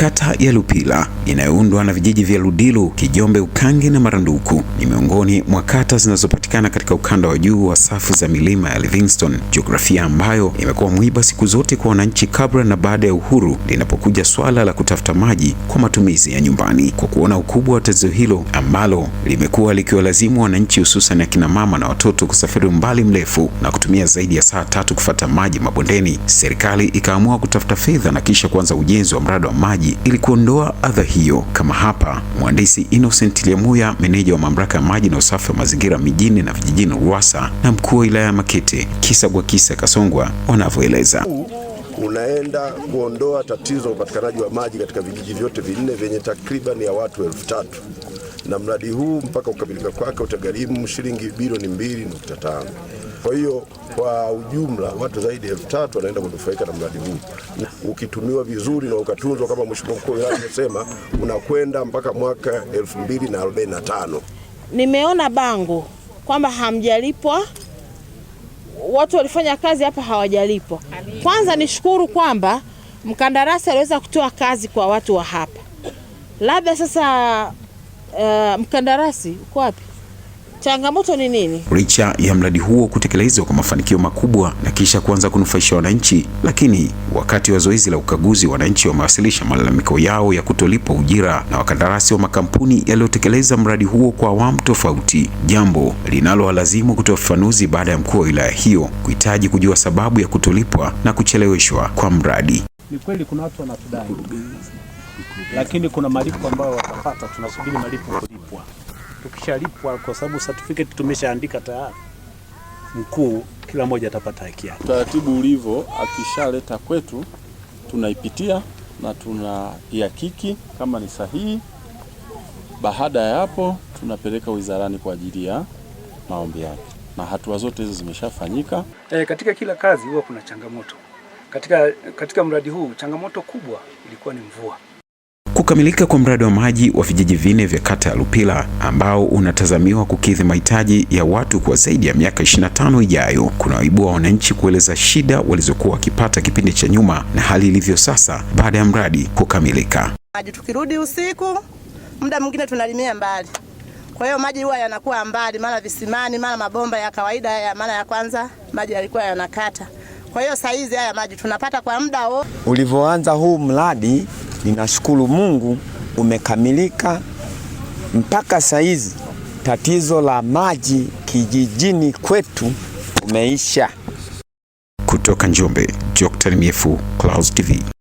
Kata ya Lupila inayoundwa na vijiji vya Ludilu, Kijombe, Ukange na Maranduku ni miongoni mwa kata zinazopatikana katika ukanda wa juu wa safu za milima ya Livingstone, jiografia ambayo imekuwa mwiba siku zote kwa wananchi kabla na baada ya uhuru linapokuja swala la kutafuta maji kwa matumizi ya nyumbani. Kwa kuona ukubwa wa tatizo hilo ambalo limekuwa likiwalazimu wananchi hususan akina mama na watoto kusafiri umbali mrefu na kutumia zaidi ya saa tatu kufata maji mabondeni, serikali ikaamua kutafuta fedha na kisha kuanza ujenzi wa mradi wa maji maji ili kuondoa adha hiyo, kama hapa Mhandisi Innocent Lyamuya, meneja wa mamlaka ya maji na usafi wa mazingira mijini na vijijini RUWASA na mkuu wa wilaya ya Makete kisa kwa kisa Kasongwa wanavyoeleza unaenda kuondoa tatizo la upatikanaji wa maji katika vijiji vyote vinne vyenye takribani ya watu elfu tatu na mradi huu mpaka ukamilika kwake utagharimu shilingi bilioni 2.5. Kwa hiyo kwa ujumla watu zaidi ya elfu tatu wanaenda kunufaika na mradi huu ukitumiwa vizuri na ukatunzwa kama mheshimiwa mkuu wa wilaya amesema, unakwenda mpaka mwaka 2045. Nimeona bango kwamba hamjalipwa, watu walifanya kazi hapa hawajalipwa. Kwanza nishukuru kwamba mkandarasi aliweza kutoa kazi kwa watu wa hapa, labda sasa Eh, mkandarasi uko wapi? Changamoto ni nini? Licha ya mradi huo kutekelezwa kwa mafanikio makubwa na kisha kuanza kunufaisha wananchi, lakini wakati wa zoezi la ukaguzi, wananchi wamewasilisha malalamiko yao ya kutolipwa ujira na wakandarasi wa makampuni yaliyotekeleza mradi huo kwa awamu tofauti, jambo linalowalazimu kutoa ufafanuzi baada ya mkuu wa wilaya hiyo kuhitaji kujua sababu ya kutolipwa na kucheleweshwa kwa mradi. Ni kweli kuna watu wanatudai lakini kuna malipo ambayo watapata, tunasubiri malipo kulipwa. Tukishalipwa, kwa sababu certificate tumeshaandika tayari, mkuu kila mmoja atapata haki yake. Utaratibu ulivyo, akishaleta kwetu tunaipitia na tuna tunaihakiki kama ni sahihi. Baada ya hapo, tunapeleka wizarani kwa ajili ya maombi yake, na hatua zote hizo zimeshafanyika. E, katika kila kazi huwa kuna changamoto. Katika, katika mradi huu changamoto kubwa ilikuwa ni mvua. Kukamilika kwa mradi wa maji wa vijiji vinne vya kata ya Lupila ambao unatazamiwa kukidhi mahitaji ya watu kwa zaidi ya miaka 25 ijayo kunawaibua wananchi kueleza shida walizokuwa wakipata kipindi cha nyuma na hali ilivyo sasa baada ya mradi kukamilika. Maji tukirudi usiku, muda mwingine tunalimia mbali, kwa hiyo maji huwa yanakuwa mbali, mara visimani, mara mabomba ya kawaida ya mara ya kwanza maji yalikuwa yanakata. Kwa hiyo saizi haya maji tunapata kwa muda huo. Ulivyoanza huu mradi Ninashukuru Mungu umekamilika mpaka saizi, tatizo la maji kijijini kwetu umeisha. Kutoka Njombe, Joctan Myefu, Clouds TV.